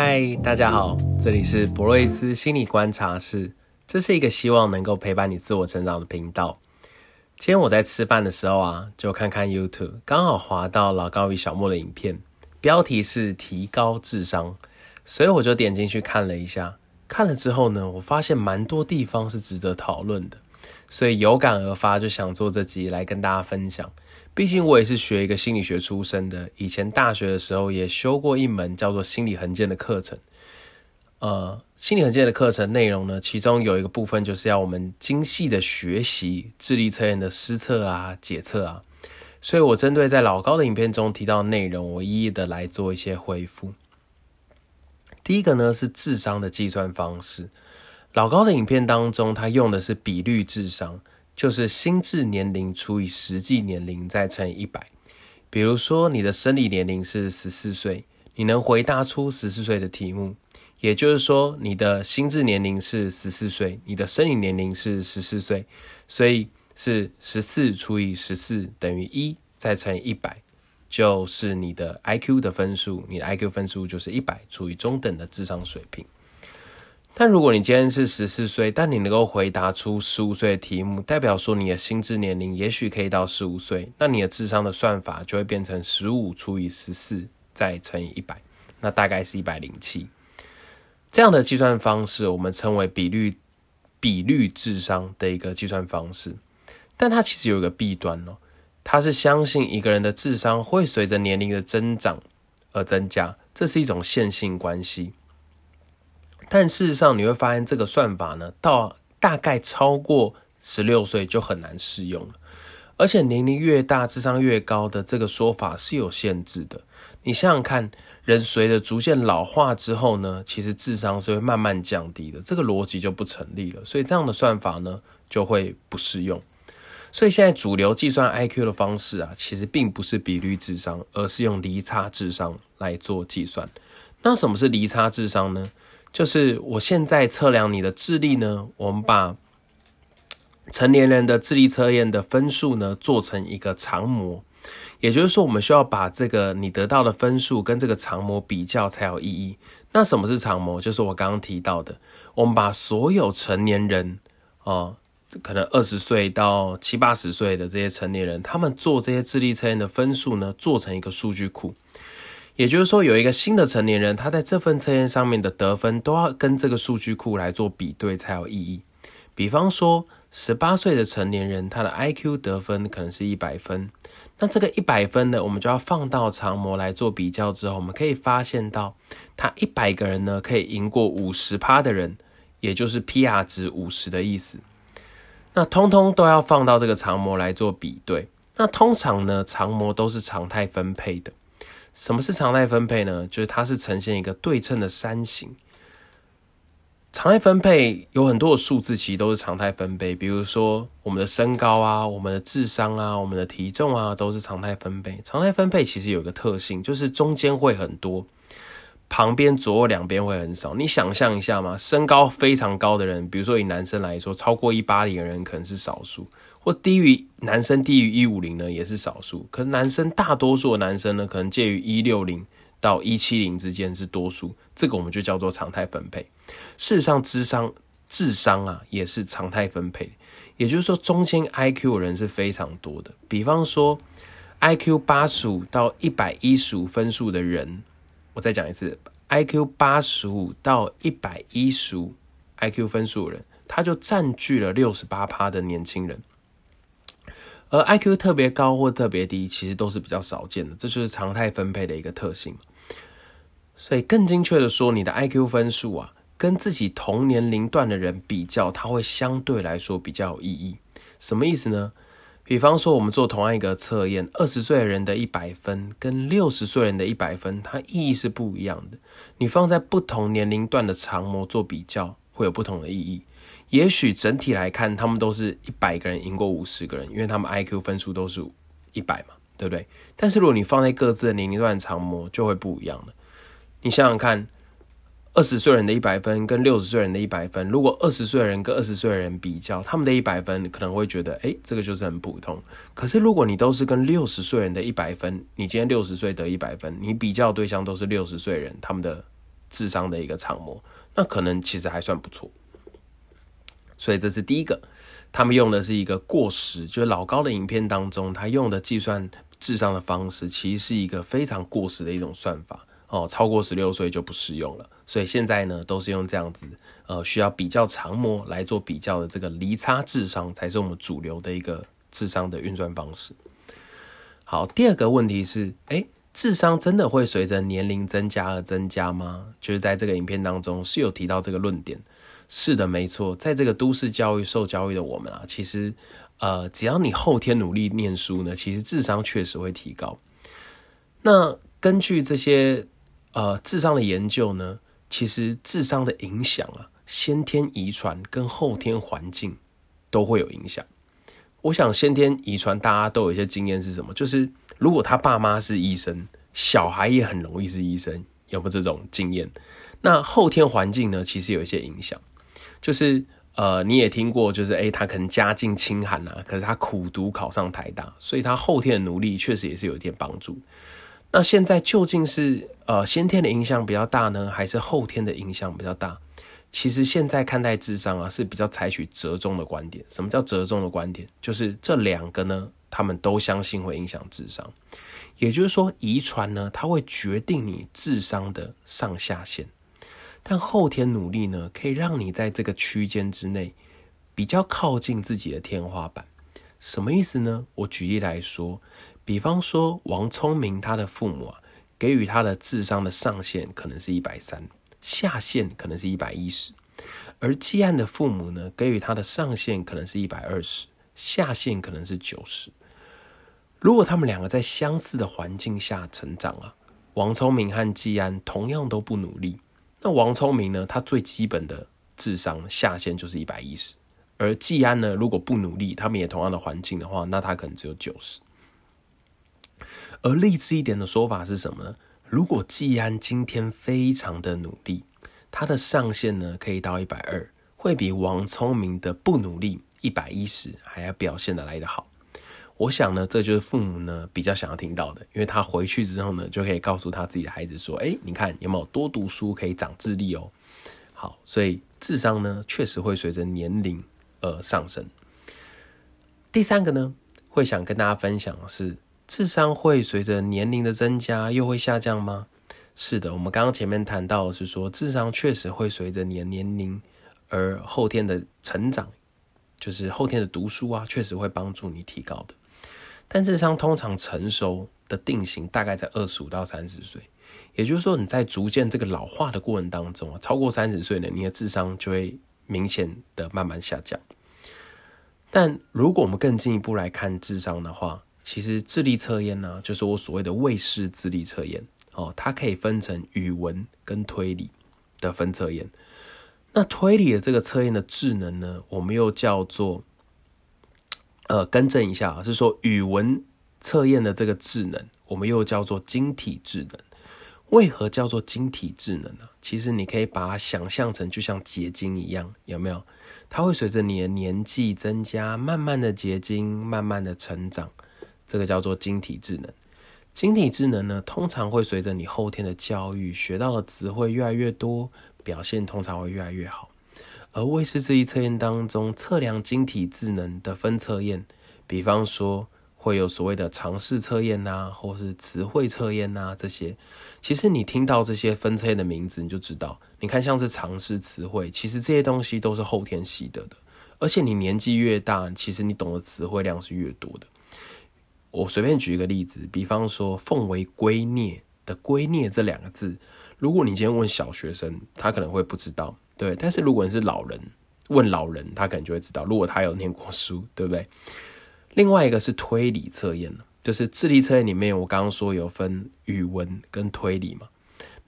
嗨，Hi, 大家好，這裡是博瑞斯心理觀察室，這是一個希望能夠陪伴你自我成長的頻道。今天我在吃飯的時候啊，就看看 YouTube，剛好滑到老高與小莫的影片，標題是提高智商，所以我就點進去看了一下。看了之後呢，我發現蠻多地方是值得討論的，所以有感而發，就想做這集來跟大家分享。畢竟我也是學一個心理學出身的，以前大學的時候也修過一門叫做心理衡鑑的課程。呃，心理衡鑑的課程內容呢，其中有一個部分就是要我們精細的學習智力測驗的施測啊、解測啊。所以我針對在老高的影片中提到的內容，我一一的來做一些回復。第一個呢是智商的計算方式，老高的影片當中他用的是比率智商。就是心智年齡除以實際年齡再乘以一百。比如說你的生理年齡是十四歲，你能回答出十四歲的題目，也就是說你的心智年齡是十四歲，你的生理年齡是十四歲，所以是十四除以十四等於一，再乘以一百就是你的 IQ 的分數，你的 IQ 分數就是一百，除以中等的智商水平。但如果你今天是十四歲，但你能夠回答出十五歲的題目，代表說你的心智年齡也許可以到十五歲，那你的智商的算法就會變成十五除以十四再乘以一百，那大概是一百零七。這樣的計算方式，我們稱為比率比率智商的一個計算方式。但它其實有一個弊端哦，它是相信一個人的智商會隨着年齡的增長而增加，這是一種線性關係。但事實上，你會發現這個算法呢，到大概超過十六歲就很難適用了。而且年齡越大，智商越高的這個說法是有限制的。你想想看，人隨着逐漸老化之後呢，其實智商是會慢慢降低的，這個邏輯就不成立了。所以這樣的算法呢，就會不適用。所以現在主流計算 IQ 的方式啊，其實並不是比率智商，而是用離差智商來做計算。那什麼是離差智商呢？就是我現在測量你的智力呢，我們把成年人的智力測驗的分數呢做成一個常模，也就是說，我們需要把這個你得到的分數跟這個常模比較才有意義。那什麼是常模？就是我剛剛提到的，我們把所有成年人哦、呃，可能二十歲到七八十歲的這些成年人，他們做這些智力測驗的分數呢，做成一個數據庫。也就是說，有一個新的成年人，他在這份測驗上面的得分都要跟這個數據庫來做比對才有意義。比方說，十八歲的成年人他的 IQ 得分可能是一百分，那這個一百分呢，我們就要放到常模來做比較之後，我們可以發現到，他一百個人呢可以贏過五十趴的人，也就是 PR 值五十的意思。那通通都要放到這個常模來做比對。那通常呢，常模都是常態分配的。什麼是常態分配呢？就是它是呈現一個對稱的山形。常態分配有很多的數字，其實都是常態分配。比如說我們的身高啊，我們的智商啊，我們的體重啊，都是常態分配。常態分配其實有一個特性，就是中間會很多，旁邊左右兩邊會很少。你想象一下嘛，身高非常高的人，比如說以男生來說，超過一八零的人可能是少數。或低於男生低於一五零呢，也是少數。可是男生大多數的男生呢，可能介於一六零到一七零之間是多數。這個我們就叫做常態分配。事實上，智商智商啊也是常態分配。也就是說，中間 IQ 人是非常多的。比方說，IQ 八十五到一百一十五分數的人，我再講一次，IQ 八十五到一百一十五 IQ 分數的人，他就占據了六十八趴的年輕人。而 IQ 特別高或特別低，其實都是比較少見的，這就是常態分配的一個特性。所以更精確的說，你的 IQ 分數啊，跟自己同年齡段的人比較，它會相對來說比較有意義。什麼意思呢？比方說，我們做同樣一個測驗，二十歲人的一百分跟六十歲人的一百分，它意義是不一樣的。你放在不同年齡段的常模做比較，會有不同的意義。也許整體來看，他們都是一百個人贏過五十個人，因為他們 IQ 分數都是一百嘛，對不對？但是如果你放在各自的年齡段常模，就會不一樣了。你想想看，二十歲人的一百分跟六十歲人的一百分，如果二十歲人跟二十歲人比較，他們的一百分可能會覺得，哎、欸，這個就是很普通。可是如果你都是跟六十歲人的一百分，你今天六十歲得一百分，你比較對象都是六十歲人，他們的智商的一個常模，那可能其實還算不錯。所以這是第一個，他們用的是一個過時，就是老高的影片當中，他用的計算智商的方式，其實是一個非常過時的一種算法哦，超過十六歲就不適用了。所以現在呢，都是用這樣子，呃，需要比較常模來做比較的這個離差智商，才是我們主流的一個智商的運算方式。好，第二個問題是，誒，智商真的會隨着年齡增加而增加嗎？就是在這個影片當中是有提到這個論點。是的，沒錯，在這個都市教育受教育的我們啊，其實，呃，只要你後天努力念書呢，其實智商確實會提高。那根據這些呃智商的研究呢，其實智商的影響啊，先天遺傳跟後天環境都會有影響。我想先天遺傳大家都有一些經驗是什麼？就是如果他爸媽是醫生，小孩也很容易是醫生，有沒有這種經驗？那後天環境呢，其實有一些影響。就是呃，你也聽過，就是誒、欸、他可能家境清寒吶、啊，可是他苦讀考上台大，所以他後天的努力確實也是有一點幫助。那現在究竟是呃先天的影響比較大呢，還是後天的影響比較大？其實現在看待智商啊是比較採取折中的觀點。什麼叫折中的觀點？就是這兩個呢，他們都相信會影響智商，也就是說，遺傳呢，它會決定你智商的上下限。但後天努力呢，可以讓你在這個區間之內比較靠近自己的天花板。什麼意思呢？我舉例來說，比方說王聰明，他的父母啊給予他的智商的上限可能是一百三，下限可能是一百一十；而季安的父母呢，給予他的上限可能是一百二十，下限可能是九十。如果他們兩個在相似的環境下成長啊，王聰明和季安同樣都不努力。那王聰明呢？他最基本的智商下限就是一百一十，而季安呢，如果不努力，他們也同樣的環境的話，那他可能只有九十。而勵志一點的說法是什麼呢？如果季安今天非常的努力，他的上限呢可以到一百二，會比王聰明的不努力一百一十還要表現得來得好。我想呢，這就是父母呢比較想要聽到的，因為他回去之後呢，就可以告訴他自己的孩子說：“誒，你看有沒有多讀書可以長智力哦。”好，所以智商呢確實會隨着年齡而，呃，上升。第三個呢，會想跟大家分享的是，智商會隨着年齡的增加又會下降嗎？是的，我們剛剛前面談到的是說，智商確實會隨着你的年齡而後天的成長，就是後天的讀書啊，確實會幫助你提高的。但智商通常成熟的定型大概在二十五到三十歲，也就是說你在逐漸這個老化的過程當中啊，超過三十歲呢，你的智商就會明顯的慢慢下降。但如果我們更進一步來看智商的話，其實智力測驗呢，就是我所謂的魏氏智力測驗哦，它可以分成語文跟推理的分測驗。那推理的這個測驗的智能呢，我們又叫做。呃，更正一下啊，是說語文測驗的這個智能，我們又叫做晶體智能。為何叫做晶體智能呢？其實你可以把它想象成就像結晶一樣，有沒有？它會隨着你的年紀增加，慢慢的結晶，慢慢的成長。這個叫做晶體智能。晶體智能呢，通常會隨着你後天的教育，學到的詞彙越來越多，表現通常會越來越好。而魏氏這一測驗當中，測量晶體智能的分測驗，比方說會有所謂的常識測驗吶，或是詞彙測驗吶這些。其實你聽到這些分測驗的名字，你就知道，你看像是常識詞彙，其實這些東西都是後天習得的。而且你年紀越大，其實你懂的詞彙量是越多的。我隨便舉一個例子，比方說“奉為圭臬”的“圭臬”這兩個字，如果你今天問小學生，他可能會不知道。對，但是如果你是老人，問老人，他可能就會知道。如果他有念過書，對不對？另外一個是推理測驗，就是智力測驗裡面，我剛剛說有分語文跟推理嘛。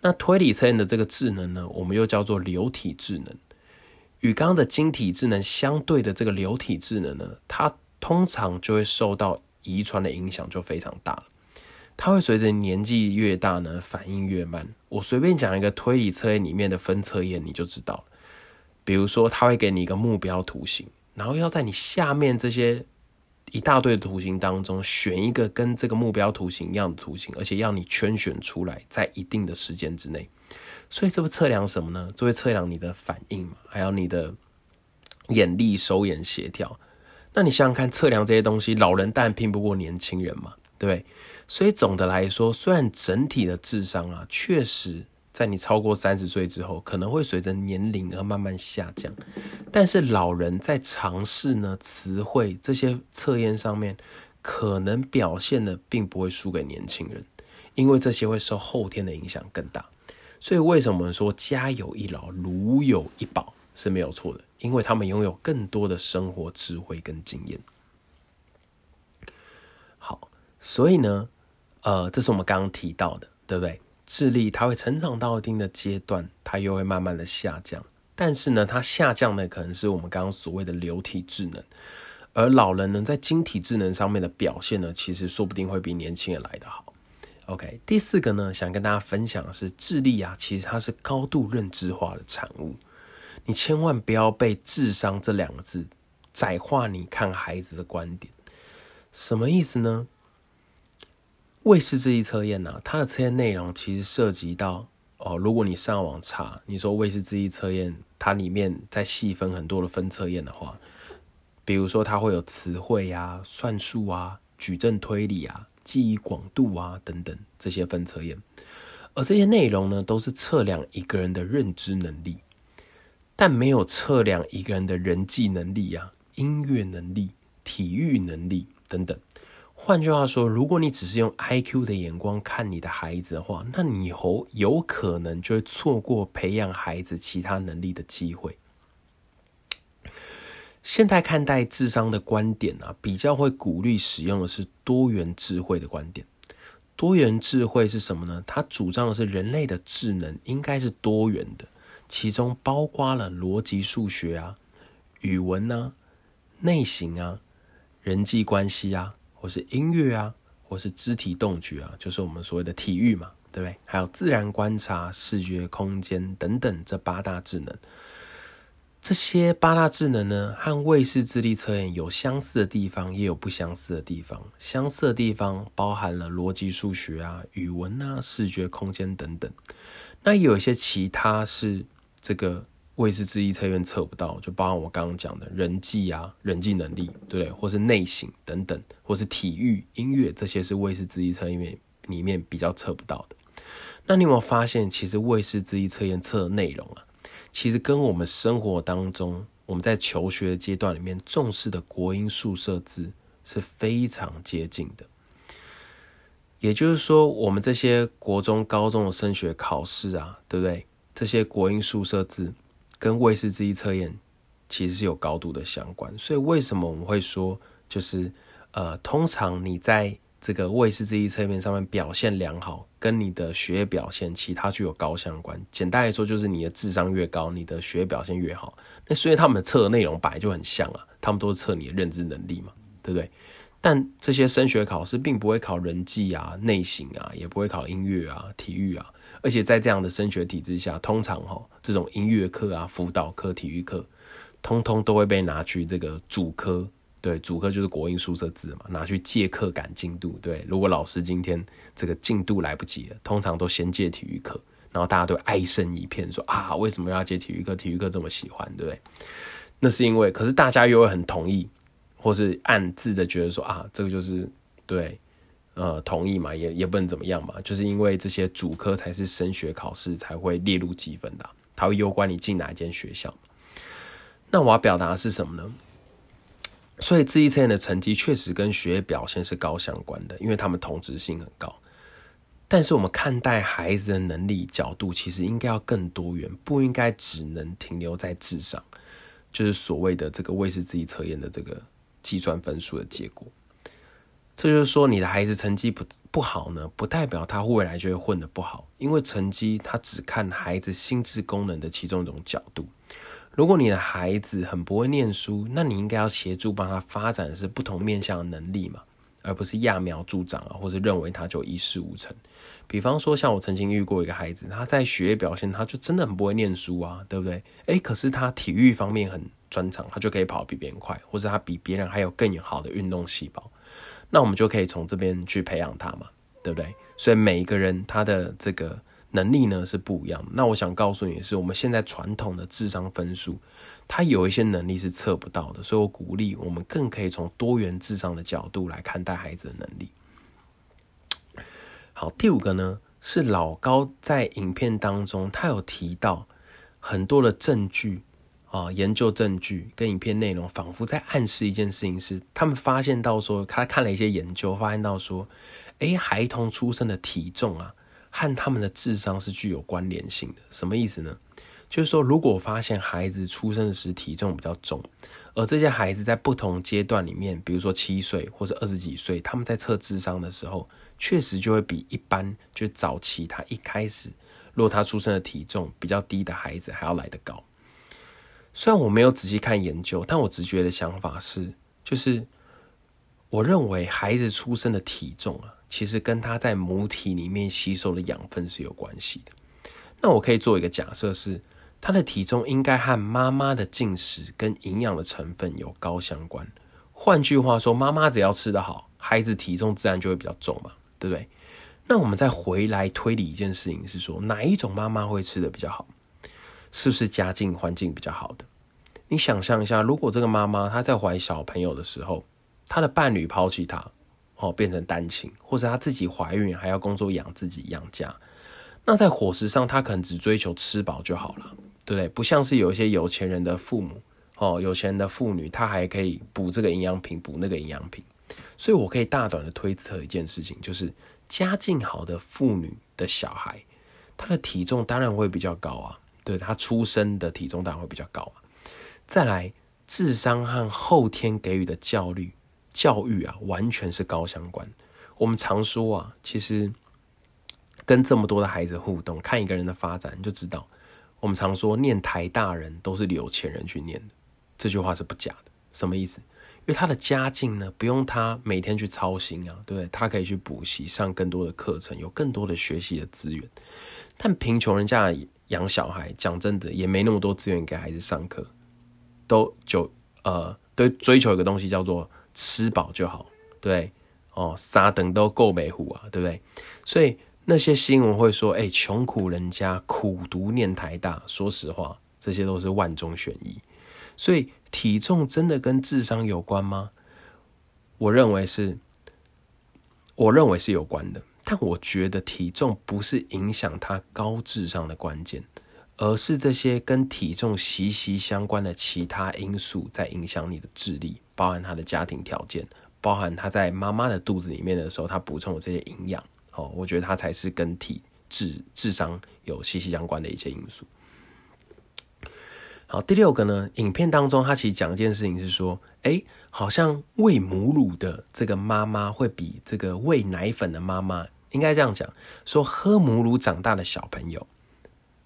那推理測驗的這個智能呢，我們又叫做流體智能，與剛剛的晶體智能相對的這個流體智能呢，它通常就會受到遺傳的影響，就非常大。它會隨着年紀越大呢，反應越慢。我隨便講一個推理測驗裡面的分測驗，你就知道了。比如說，它會給你一個目標圖形，然後要在你下面這些一大堆的圖形當中選一個跟這個目標圖形一樣的圖形，而且要你圈選出來，在一定的時間之內。所以，這會測量什麼呢？這會測量你的反應嘛，還有你的眼力、手眼協調。那你想想看，測量這些東西，老人當然拼不過年輕人嘛，對不對？所以總的來說，雖然整體的智商啊，確實在你超過三十歲之後，可能會隨着年齡而慢慢下降，但是老人在嘗試呢詞彙這些測驗上面，可能表現的並不會輸給年輕人，因為這些會受後天的影響更大。所以為什麼說家有一老如有一寶是沒有錯的？因為他們擁有更多的生活智慧跟經驗。好，所以呢。呃，這是我們剛剛提到的，對不對？智力它會成長到一定的階段，它又會慢慢的下降。但是呢，它下降的可能是我們剛剛所謂的流體智能，而老人呢，在晶體智能上面的表現呢，其實說不定會比年輕人來得好。OK，第四個呢，想跟大家分享的是，智力啊，其實它是高度認知化的產物。你千萬不要被智商這兩個字窄化你看孩子的觀點，什麼意思呢？魏氏智力測驗呢，它的測驗內容其實涉及到哦，如果你上網查，你說魏氏智力測驗，它裡面在細分很多的分測驗的話，比如說它會有詞彙啊、算術啊、矩陣推理啊、記憶廣度啊等等這些分測驗，而這些內容呢，都是測量一個人的認知能力，但沒有測量一個人的人際能力呀、啊、音樂能力、體育能力等等。換句話說，如果你只是用 IQ 的眼光看你的孩子的話，那你以後有可能就會錯過培養孩子其他能力的機會。現在看待智商的觀點啊，比較會鼓勵使用的是多元智慧的觀點。多元智慧是什麼呢？它主張的是人類的智能應該是多元的，其中包括了邏輯數學啊、語文啊、內型啊、人際關係啊。或是音樂啊，或是肢體動覺啊，就是我們所謂的體育嘛，對不對？還有自然觀察、視覺空間等等，這八大智能。這些八大智能呢，和魏氏智力測驗有相似的地方，也有不相似的地方。相似的地方包含了邏輯數學啊、語文啊、視覺空間等等。那有一些其他是這個。魏氏智力測驗測不到，就包括我剛剛講的人際啊、人際能力，對不對？或是內省等等，或是體育、音樂，這些是魏氏智力測驗裡面比較測不到的。那你有沒有發現，其實魏氏智力測驗測的內容啊，其實跟我們生活當中我們在求學的階段裡面重視的國英數設置是非常接近的。也就是說，我們這些國中、高中的升學考試啊，對不對？這些國英數設置。跟魏氏智力測驗其實是有高度的相關，所以為什麼我們會說，就是呃，通常你在這個魏氏智力測驗上面表現良好，跟你的學業表現其他具有高相關。簡單來說，就是你的智商越高，你的學業表現越好。那所以他們測的內容本來就很像啊，他們都是測你的認知能力嘛，對不對？但這些升學考試並不會考人際啊、內省啊，也不會考音樂啊、體育啊。而且在這樣的升學體制下，通常哈、喔、這種音樂課啊、輔導課、體育課，通通都會被拿去這個主科。對，主科就是國英數社自嘛，拿去借課趕進度。對，如果老師今天這個進度來不及了，通常都先借體育課，然後大家都哀聲一片說，說啊為什麼要借體育課？體育課這麼喜歡，對不對？那是因為，可是大家又會很同意，或是暗自的覺得說啊這個就是對。呃，同意嘛，也也不能怎麼樣嘛，就是因為這些主科才是升學考試才會列入積分的、啊，它會攸關你進哪一間學校。那我要表達的是什麼呢？所以智力測驗的成績確實跟學業表現是高相關的，因為他們同質性很高。但是我們看待孩子的能力角度，其實應該要更多元，不應該只能停留在智商，就是所謂的這個魏氏智力測驗的這個計算分數的結果。這就是說，你的孩子成績不不好呢，不代表他未來就會混得不好，因為成績他只看孩子心智功能的其中一種角度。如果你的孩子很不會念書，那你應該要協助幫他發展的是不同面向的能力嘛，而不是揠苗助長啊，或者認為他就一事無成。比方說，像我曾經遇過一個孩子，他在學業表現他就真的很不會念書啊，對不對？哎，可是他體育方面很專長，他就可以跑比別人快，或者他比別人還有更有好的運動細胞。那我們就可以從這邊去培養他嘛，對不對？所以每一個人他的這個能力呢，是不一樣。那我想告訴你的是，我們現在傳統的智商分數，它有一些能力是測不到的。所以我鼓勵我們更可以從多元智商的角度來看待孩子的能力。好，第五個呢，是老高在影片當中他有提到很多的證據。啊，研究證據跟影片內容仿佛在暗示一件事情是，是他們發現到說，他看了一些研究，發現到說，哎、欸，孩童出生的體重啊，和他們的智商是具有關聯性的。什麼意思呢？就是說，如果發現孩子出生時體重比較重，而這些孩子在不同階段裡面，比如說七歲或者二十幾歲，他們在測智商的時候，確實就會比一般就早期他一開始，若他出生的體重比較低的孩子，還要來得高。雖然我沒有仔細看研究，但我直覺的想法是，就是我認為孩子出生的體重啊，其實跟他在母體裡面吸收的養分是有關係的。那我可以做一個假設是，他的體重應該和媽媽的進食跟營養的成分有高相關。換句話說，媽媽只要吃得好，孩子體重自然就會比較重嘛，對不對？那我們再回來推理一件事情是說，哪一種媽媽會吃得比較好？是不是家境環境比較好的？你想象一下，如果這個媽媽她在懷小朋友的時候，她的伴侶拋棄她，哦、喔，變成單親，或者她自己懷孕還要工作養自己養家，那在伙食上她可能只追求吃飽就好了，對不對？不像是有一些有錢人的父母，哦、喔，有錢人的婦女，她還可以補這個營養品，補那個營養品。所以，我可以大膽的推測一件事情，就是家境好的婦女的小孩，他的體重當然會比較高啊。對，他出生的體重當然會比較高嘛。再來，智商和後天給予的教育教育啊，完全是高相關的。我們常說啊，其實跟這麼多的孩子互動，看一個人的發展就知道。我們常說，念台大人都是有錢人去念的，這句話是不假的。什麼意思？因為他的家境呢，不用他每天去操心啊，對不對？他可以去補習，上更多的課程，有更多的學習的資源。但貧窮人家。養小孩，講真的也沒那麼多資源給孩子上課，都就呃都追求一個東西叫做吃飽就好，對，哦啥等都夠美虎啊，對不對？所以那些新聞會說，哎、欸，窮苦人家苦讀念台大，說實話，這些都是萬中選一。所以體重真的跟智商有關嗎？我認為是，我認為是有關的。但我覺得體重不是影響他高智商的關鍵，而是這些跟體重息息相關的其他因素在影響你的智力，包含他的家庭條件，包含他在媽媽的肚子裡面的時候，他補充的這些營養哦，我覺得他才是跟體智智商有息息相關的一些因素。好，第六個呢，影片當中他其實講一件事情是說，哎、欸，好像餵母乳的這個媽媽會比這個餵奶粉的媽媽。應該這樣講，說喝母乳長大的小朋友，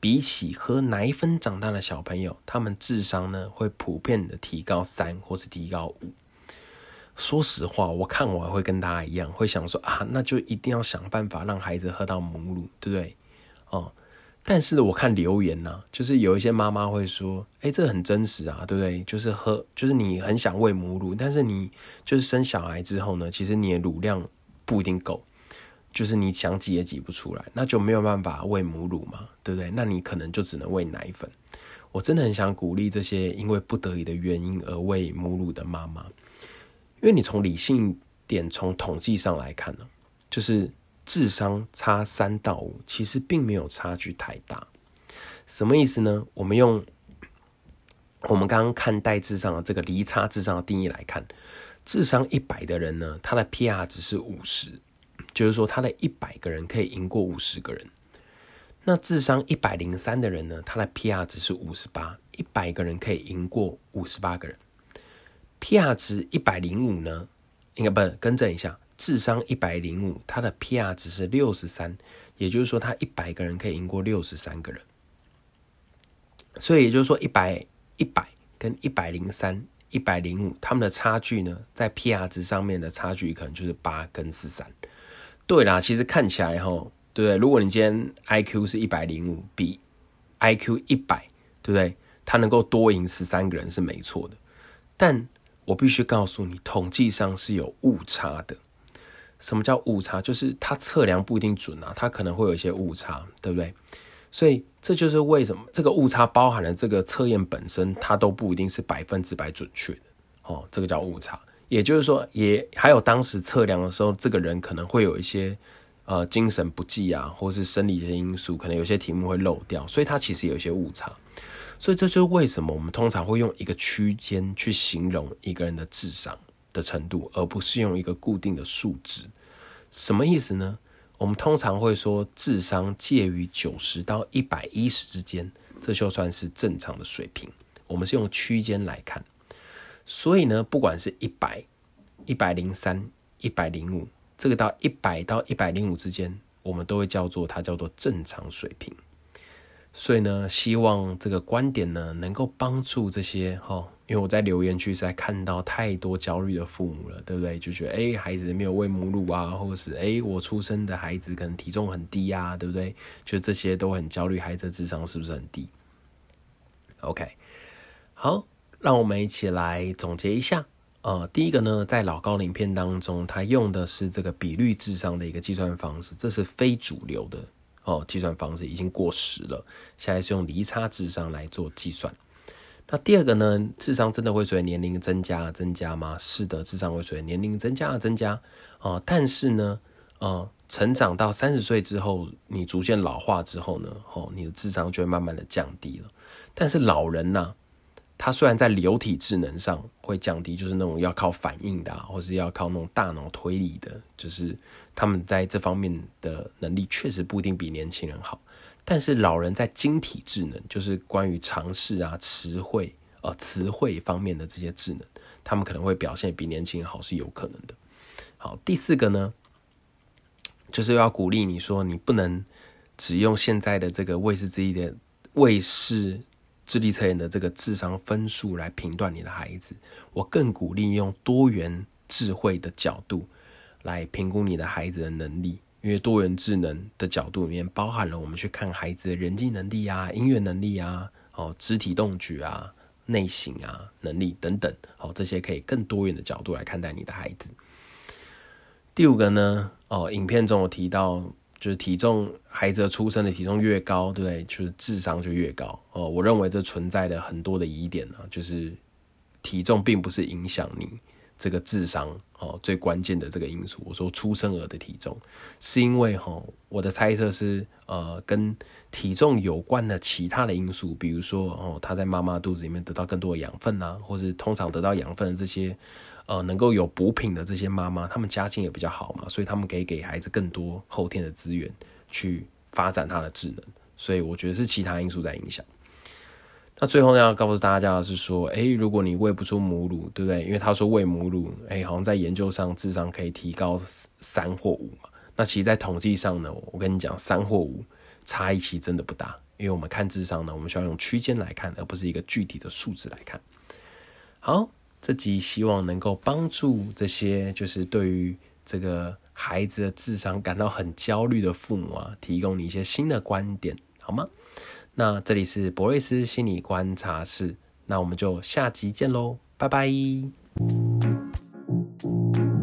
比起喝奶粉長大的小朋友，他們智商呢，會普遍的提高三或是提高五。說實話，我看我也會跟大家一樣，會想說啊，那就一定要想辦法讓孩子喝到母乳，對不對？哦、嗯，但是我看留言呢、啊，就是有一些媽媽會說，誒、欸，這很真實啊，對不對？就是喝，就是你很想餵母乳，但是你就是生小孩之後呢，其實你的乳量不一定夠。就是你想擠也擠不出來，那就沒有辦法餵母乳嘛，對不對？那你可能就只能餵奶粉。我真的很想鼓勵這些因為不得已的原因而餵母乳的媽媽，因為你從理性點、從統計上來看呢，就是智商差三到五，其實並沒有差距太大。什麼意思呢？我們用我們剛剛看待智商的這個離差智商的定義來看，智商一百的人呢，他的 PR 值是五十。就是說，他的一百個人可以贏過五十個人。那智商一百零三的人呢，他的 PR 值是五十八，一百個人可以贏過五十八個人。PR 值一百零五呢？應該不是，更正一下，智商一百零五，他的 PR 值是六十三，也就是說，他一百個人可以贏過六十三個人。所以也就是說，一百、一百跟一百零三、一百零五，他們的差距呢，在 PR 值上面的差距可能就是八跟十三。對啦，其實看起來吼，對不對？如果你今天 IQ 是一百零五，比 IQ 一百，對不對？它能夠多贏十三個人是沒錯的，但我必須告訴你，統計上是有誤差的。什麼叫誤差？就是它測量不一定準啊，它可能會有一些誤差，對不對？所以這就是為什麼這個誤差包含了這個測驗本身，它都不一定是百分之百準確的哦。這個叫誤差。也就是說，也還有當時測量的時候，這個人可能會有一些呃精神不濟啊，或是生理的因素，可能有些題目會漏掉，所以他其實有一些誤差。所以這就是為什麼我們通常會用一個區間去形容一個人的智商的程度，而不是用一個固定的數值。什麼意思呢？我們通常會說智商介於九十到一百一十之間，這就算是正常的水平。我們是用區間來看。所以呢，不管是一百、一百零三、一百零五，這個到一百到一百零五之間，我們都會叫做它叫做正常水平。所以呢，希望這個觀點呢，能夠幫助這些哈、哦，因為我在留言區實在看到太多焦慮的父母了，對不對？就覺得哎，孩子沒有餵母乳啊，或者是哎，我出生的孩子可能體重很低啊，對不對？就這些都很焦慮，孩子的智商是不是很低？OK，好。讓我們一起來總結一下。呃，第一個呢，在老高影片當中，他用的是這個比率智商的一個計算方式，這是非主流的哦，呃、計算方式已經過時了。現在是用離差智商來做計算。那第二個呢，智商真的會隨年齡增加而增加嗎？是的，智商會隨年齡增加而增加。哦、呃，但是呢，呃，成長到三十歲之後，你逐漸老化之後呢，哦、呃，你的智商就會慢慢的降低了。但是老人呢、啊？他雖然在流體智能上會降低，就是那種要靠反應的，啊，或是要靠那種大腦推理的，就是他們在這方面的能力確實不一定比年輕人好。但是老人在晶體智能，就是關於常識啊、詞彙啊、詞彙、呃、詞彙方面的這些智能，他們可能會表現比年輕人好，是有可能的。好，第四個呢，就是要鼓勵你說，你不能只用現在的這個衛視之一的衛視。智力測驗的這個智商分數來評斷你的孩子，我更鼓勵用多元智慧的角度來評估你的孩子的能力，因為多元智能的角度裡面包含了我們去看孩子的人際能力啊、音樂能力啊、哦、肢體動覺啊、內省啊能力等等，好，這些可以更多元的角度來看待你的孩子。第五個呢，哦，影片中有提到。就是體重，孩子出生的體重越高，對不對？就是智商就越高哦。我認為這存在的很多的疑點呢、啊，就是體重並不是影響你這個智商哦最關鍵的這個因素。我說出生兒的體重，是因為吼、哦。我的猜測是呃跟體重有關的其他的因素，比如說哦他在媽媽肚子裡面得到更多的養分吶、啊，或是通常得到養分的這些。呃，能夠有補品的這些媽媽，她們家境也比較好嘛，所以她們可以給孩子更多後天的資源去發展她的智能。所以我覺得是其他因素在影響。那最後呢，要告訴大家的是說，誒、欸，如果你餵不出母乳，對不對？因為他說餵母乳，誒、欸，好像在研究上智商可以提高三或五嘛。那其實，在統計上呢，我跟你講，三或五差異其實真的不大。因為我們看智商呢，我們需要用區間來看，而不是一個具體的數字來看。好。這集希望能夠幫助這些，就是對於這個孩子的智商感到很焦慮的父母啊，提供你一些新的觀點，好嗎？那這裡是博瑞斯心理觀察室，那我們就下集見嘍，拜拜。嗯嗯嗯